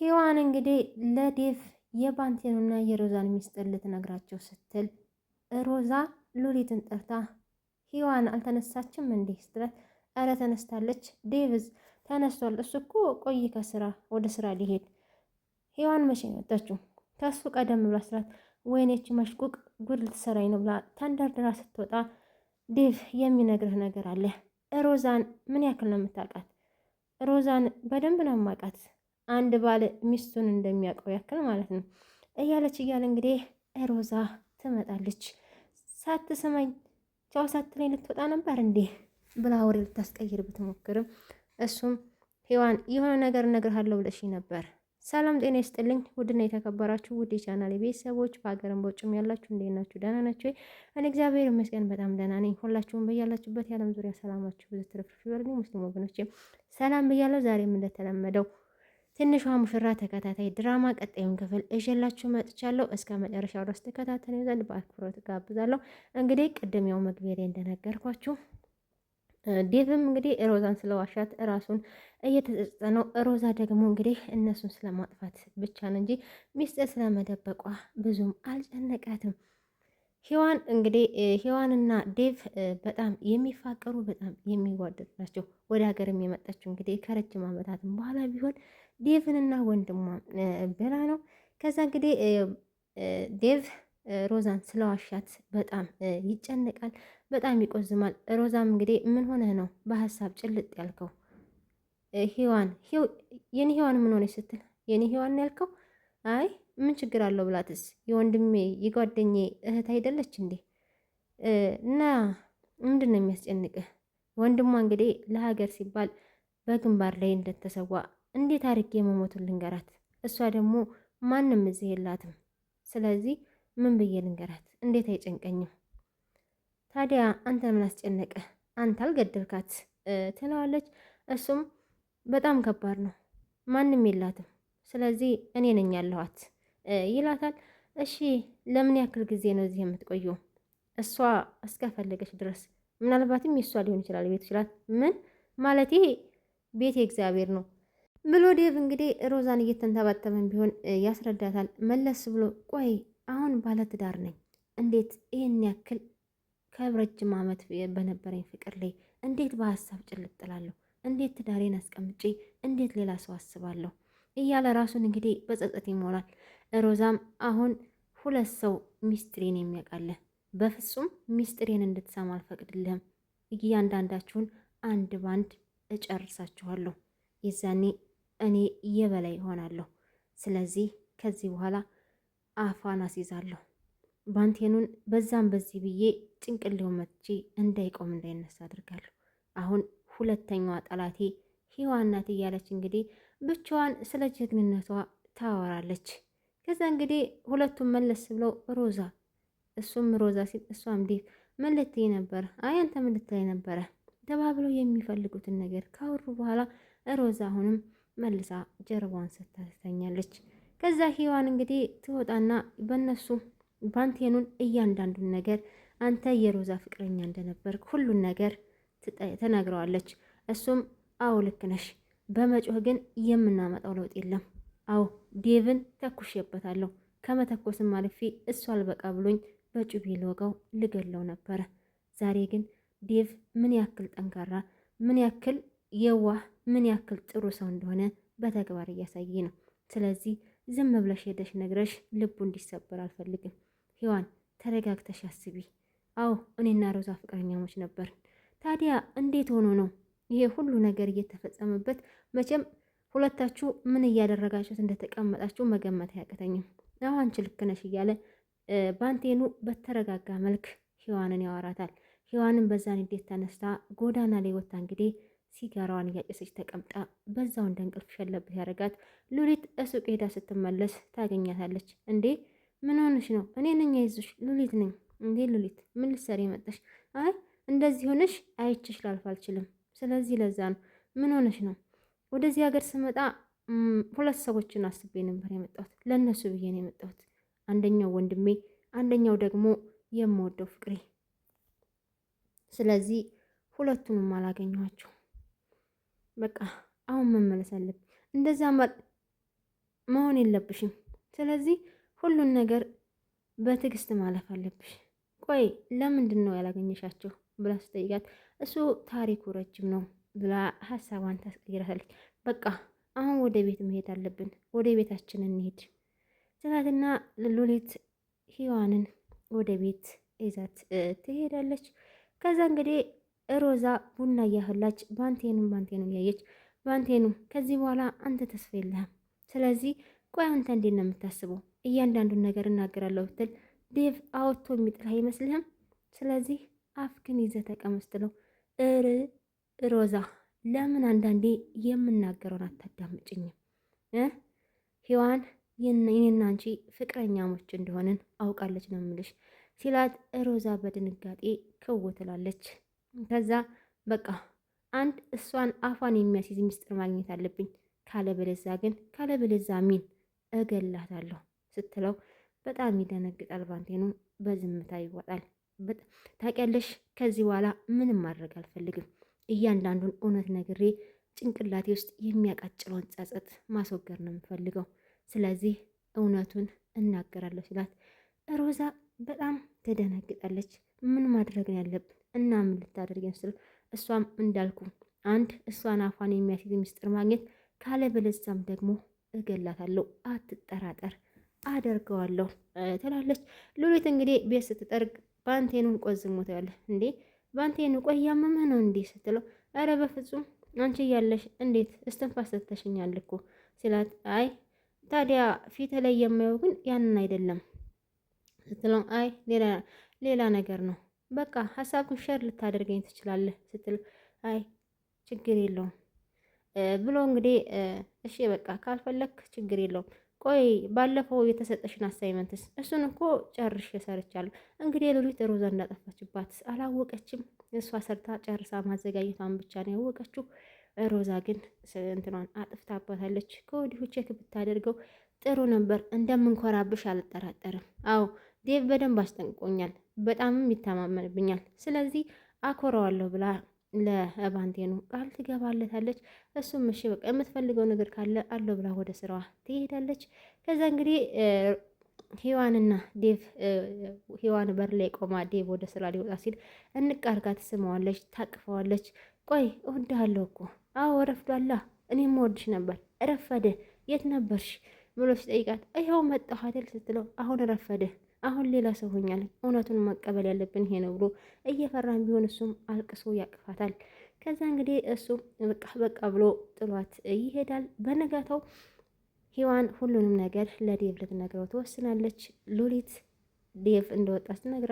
ሂዋን እንግዲህ ለዴቭ የባንቴኑና የሮዛን ሚስጥር ልትነግራቸው ስትል ሮዛ ሉሊትን ጠርታ ሂዋን አልተነሳችም እንዴ ስትላት፣ ኧረ ተነስታለች፣ ዴቭዝ ተነስቷል። እሱ እኮ ቆይ ከስራ ወደ ስራ ሊሄድ ሂዋን መቼ መጣችው? ከሱ ቀደም ብላ ስላት፣ ወይኔች መሽቁቅ ጉድ ልትሰራኝ ነው ብላ ተንደርድራ ስትወጣ፣ ዴቭ የሚነግርህ ነገር አለ። ሮዛን ምን ያክል ነው የምታውቃት? ሮዛን በደንብ ነው የማውቃት አንድ ባል ሚስቱን እንደሚያውቀው ያክል ማለት ነው። እያለች እያለ እንግዲህ ሮዛ ትመጣለች። ሳትሰማኝ ቻው ሳትለኝ ልትወጣ ነበር እንዴ ብላ ወሬ ልታስቀይር ብትሞክርም እሱም ሔዋን የሆነ ነገር እነግርሃለሁ ብለሽ ነበር። ሰላም ጤና ይስጥልኝ። ውድና የተከበራችሁ ውድ የቻናል ቤተሰቦች በሀገርም በውጭም ያላችሁ እንዴት ናችሁ? ደህና ናችሁ? እኔ እግዚአብሔር ይመስገን በጣም ደህና ነኝ። ሁላችሁም በያላችሁበት የዓለም ዙሪያ ሰላማችሁ ብዙ ትርፍርፍ ይበልልኝ። ሙስሊም ወገኖች ሰላም ብያለሁ። ዛሬም እንደተለመደው ትንሿ ሙሽራ ተከታታይ ድራማ ቀጣዩን ክፍል እዤላችሁ መጥቻለሁ። እስከ መጨረሻው ድረስ ተከታተሉ ዘንድ በአክብሮት ጋብዛለሁ። እንግዲህ ቅድም ያው መግቢያ እንደነገርኳችሁ ዴቭም እንግዲህ ሮዛን ስለዋሻት እራሱን እየተጸጸተ ነው። ሮዛ ደግሞ እንግዲህ እነሱን ስለማጥፋት ብቻ ነው እንጂ ሚስጥር ስለመደበቋ ብዙም አልጨነቃትም። ሔዋን እንግዲህ ሔዋንና ዴቭ በጣም የሚፋቀሩ በጣም የሚዋደዱ ናቸው። ወደ ሀገርም የመጣችው እንግዲህ ከረጅም ዓመታትም በኋላ ቢሆን ዴቭንና ወንድሟ ብላ ነው። ከዛ እንግዲህ ዴቭ ሮዛን ስለዋሻት በጣም ይጨነቃል፣ በጣም ይቆዝማል። ሮዛም እንግዲህ ምን ሆነህ ነው በሀሳብ ጭልጥ ያልከው? ሔዋን የኔ ሔዋን ምን ሆነች ስትል የኔ ሔዋን ያልከው አይ ምን ችግር አለው ብላትስ የወንድሜ የጓደኜ እህት አይደለች እንዴ? እና ምንድን ነው የሚያስጨንቅህ? ወንድሟ እንግዲህ ለሀገር ሲባል በግንባር ላይ እንደተሰዋ እንዴት አድርጌ መሞቱን ልንገራት? እሷ ደግሞ ማንም እዚህ የላትም። ስለዚህ ምን ብዬ ልንገራት? እንዴት አይጨንቀኝም? ታዲያ አንተ ምን አስጨነቀ? አንተ አልገደልካት ትለዋለች። እሱም በጣም ከባድ ነው፣ ማንም የላትም። ስለዚህ እኔ ነኝ ያለኋት ይላታል። እሺ ለምን ያክል ጊዜ ነው እዚህ የምትቆየው? እሷ እስከፈለገች ድረስ ምናልባትም የእሷ ሊሆን ይችላል ቤቱ ይችላል። ምን ይሄ ቤት የእግዚአብሔር ነው ብሎ ዴቭ እንግዲህ ሮዛን እየተንተባተበን ቢሆን ያስረዳታል። መለስ ብሎ ቆይ አሁን ባለትዳር ነኝ፣ እንዴት ይህን ያክል ከረጅም ዓመት በነበረኝ ፍቅር ላይ እንዴት በሀሳብ ጭልጥላለሁ እንዴት ትዳሬን አስቀምጬ እንዴት ሌላ ሰው አስባለሁ? እያለ ራሱን እንግዲህ በጸጸት ይሞላል። ሮዛም አሁን ሁለት ሰው ሚስጥሬን የሚያውቃለህ፣ በፍጹም ሚስጥሬን እንድትሰማ አልፈቅድልህም። እያንዳንዳችሁን አንድ ባንድ እጨርሳችኋለሁ የዛኔ እኔ የበላይ ይሆናለሁ። ስለዚህ ከዚህ በኋላ አፋን አስይዛለሁ። ባንቴኑን በዛም በዚህ ብዬ ጭንቅሌው መትቼ እንዳይቆም እንዳይነሳ አድርጋለሁ። አሁን ሁለተኛዋ ጠላቴ ሔዋን ናት እያለች እንግዲህ ብቻዋን ስለ ጀግንነቷ ታወራለች። ከዛ እንግዲህ ሁለቱም መለስ ብለው ሮዛ እሱም ሮዛ ሲል እሷም ዴቭ ምን ልትይ ነበረ? አይ አንተ ምን ነበረ? ተባብለው የሚፈልጉትን ነገር ካወሩ በኋላ ሮዛ አሁንም መልሳ ጀርባዋን ስታስተኛለች። ከዛ ሔዋን እንግዲህ ትወጣና በእነሱ ባንቴኑን እያንዳንዱን ነገር አንተ የሮዛ ፍቅረኛ እንደነበር ሁሉን ነገር ትነግረዋለች። እሱም አዎ ልክ ነሽ፣ በመጮህ ግን የምናመጣው ለውጥ የለም። አዎ ዴቭን ተኩሼበታለሁ፣ ከመተኮስም አልፌ እሱ አልበቃ ብሎኝ በጩቤ ልወጋው ልገለው ነበረ። ዛሬ ግን ዴቭ ምን ያክል ጠንካራ ምን ያክል የዋህ ምን ያክል ጥሩ ሰው እንደሆነ በተግባር እያሳየ ነው። ስለዚህ ዝም ብለሽ ሄደሽ ነግረሽ ልቡ እንዲሰበር አልፈልግም። ሔዋን ተረጋግተሽ አስቢ። አዎ እኔና ሮዛ ፍቅረኛሞች ነበር ታዲያ እንዴት ሆኖ ነው ይሄ ሁሉ ነገር እየተፈጸመበት? መቼም ሁለታችሁ ምን እያደረጋችሁት እንደተቀመጣችሁ መገመት አያቅተኝም። አዎ አንቺ ልክ ነሽ እያለ ባንቴኑ በተረጋጋ መልክ ሔዋንን ያወራታል። ሔዋንን በዛ ንዴት ተነስታ ጎዳና ላይ ወጥታ እንግዲህ ሲጋራዋን እያጨሰች ተቀምጣ በዛው እንደ እንቅልፍ ሸለብህ ያደረጋት ሉሊት እሱቅ ሄዳ ስትመለስ ታገኛታለች። እንዴ ምን ሆነሽ ነው? እኔ ነኝ አይዞሽ፣ ሉሊት ነኝ። እንዴ ሉሊት ምን ልትሰሪ መጣሽ? አይ እንደዚህ ሆነሽ አይችሽ ላልፍ አልችልም። ስለዚህ ለዛ ነው። ምን ሆነሽ ነው? ወደዚህ ሀገር ስመጣ ሁለት ሰዎችን አስቤ ነበር የመጣሁት። ለእነሱ ብዬ ነው የመጣሁት። አንደኛው ወንድሜ፣ አንደኛው ደግሞ የምወደው ፍቅሬ። ስለዚህ ሁለቱንም አላገኘኋቸው። በቃ አሁን መመለስ አለብኝ። እንደዛ መሆን የለብሽም። ስለዚህ ሁሉን ነገር በትዕግስት ማለፍ አለብሽ። ቆይ ለምንድን ነው ያላገኘሻቸው ብላ ስጠይቃት እሱ ታሪኩ ረጅም ነው ብላ ሀሳቧን ታስቀይራታለች። በቃ አሁን ወደ ቤት መሄድ አለብን፣ ወደ ቤታችን እንሄድ ስላትና ሉሊት ሂዋንን ወደ ቤት ይዛት ትሄዳለች። ከዛ እንግዲህ ሮዛ ቡና እያፈላች ባንቴኑ ባንቴኑ እያየች ባንቴኑ ከዚህ በኋላ አንተ ተስፋ የለህም፣ ስለዚህ ቆይ አንተ እንዴት ነው የምታስበው? እያንዳንዱን ነገር እናገራለሁ ብትል ዴቭ አወጥቶ የሚጥልህ አይመስልህም? ስለዚህ አፍክን ይዘህ ተቀመጥ ስትለው እር ሮዛ ለምን አንዳንዴ የምናገረውን አታዳምጭኝም? ሔዋን ይህን አንቺ ፍቅረኛሞች እንደሆንን አውቃለች ነው የምልሽ ሲላት ሮዛ በድንጋጤ ክው ትላለች። ከዛ በቃ አንድ እሷን አፏን የሚያስይዝ ሚስጥር ማግኘት አለብኝ፣ ካለበለዛ ግን ካለበለዛ ሚን እገላታለሁ ስትለው በጣም ይደነግጣል። ባንቴኑ በዝምታ ይዋጣል። ታውቂያለሽ፣ ከዚህ በኋላ ምንም ማድረግ አልፈልግም። እያንዳንዱን እውነት ነግሬ ጭንቅላቴ ውስጥ የሚያቃጭለውን ጸጸት ማስወገድ ነው የምፈልገው። ስለዚህ እውነቱን እናገራለሁ ሲላት ሮዛ በጣም ትደነግጣለች። ምን ማድረግ ነው ያለብን? እና ምን ልታደርገን ስል እሷም እንዳልኩ አንድ እሷን አፏን የሚያስይዝ ምስጢር ማግኘት ካለበለዚያም ደግሞ እገላታለሁ፣ አትጠራጠር፣ አደርገዋለሁ ትላለች። ሉሊት እንግዲህ ቤት ስትጠርግ ባንቴኑን ቆዝሞት ያለ እንዴ ባንቴኑ ቆይ ያመመህ ነው እንዴ ስትለው፣ ኧረ በፍጹም አንቺ እያለሽ እንዴት እስትንፋስ ሰጥተሽኛል እኮ ሲላት፣ አይ ታዲያ ፊት ላይ የማየው ግን ያንን አይደለም ስትለው፣ አይ ሌላ ሌላ ነገር ነው። በቃ ሀሳቡን ሸር ልታደርገኝ ትችላለህ ስትል አይ ችግር የለውም ብሎ እንግዲህ እሺ በቃ ካልፈለክ ችግር የለውም። ቆይ ባለፈው የተሰጠሽን አሳይመንትስ? እሱን እኮ ጨርሼ ሰርቻለሁ። እንግዲህ ሉሊት ሮዛ እንዳጠፋችባት አላወቀችም። እሷ ሰርታ ጨርሳ ማዘጋጀቷን ብቻ ነው ያወቀችው። ሮዛ ግን እንትኗን አጥፍታባታለች። ከወዲሁ ቼክ ብታደርገው ጥሩ ነበር። እንደምንኮራብሽ አልጠራጠርም። አዎ ዴቭ በደንብ አስጠንቅቆኛል፣ በጣምም ይተማመንብኛል። ስለዚህ አኮረዋለሁ ብላ ለባንቴኑ ቃል ትገባለታለች። እሱም እሺ በቃ የምትፈልገው ነገር ካለ አለው ብላ ወደ ስራዋ ትሄዳለች። ከዛ እንግዲህ ሄዋንና ዴቭ ሄዋን በር ላይ ቆማ ዴቭ ወደ ስራ ሊወጣ ሲል እንቅ ትስመዋለች፣ ታቅፈዋለች። ቆይ እወድሃለሁ እኮ አዎ ረፍዷላ፣ እኔም እወድሽ ነበር ረፈደ፣ የት ነበርሽ ብሎ ሲጠይቃት ይኸው መጣሁ አይደል ስትለው አሁን ረፈደ አሁን ሌላ ሰው ሆኛል፣ እውነቱን መቀበል ያለብን ይሄ ነው ብሎ እየፈራም ቢሆን እሱም አልቅሶ ያቅፋታል። ከዛ እንግዲህ እሱ በቃ በቃ ብሎ ጥሏት ይሄዳል። በነጋታው ሔዋን ሁሉንም ነገር ለዴቭ ልትነግረው ትወስናለች። ሉሊት ዴቭ እንደወጣ ስትነግረው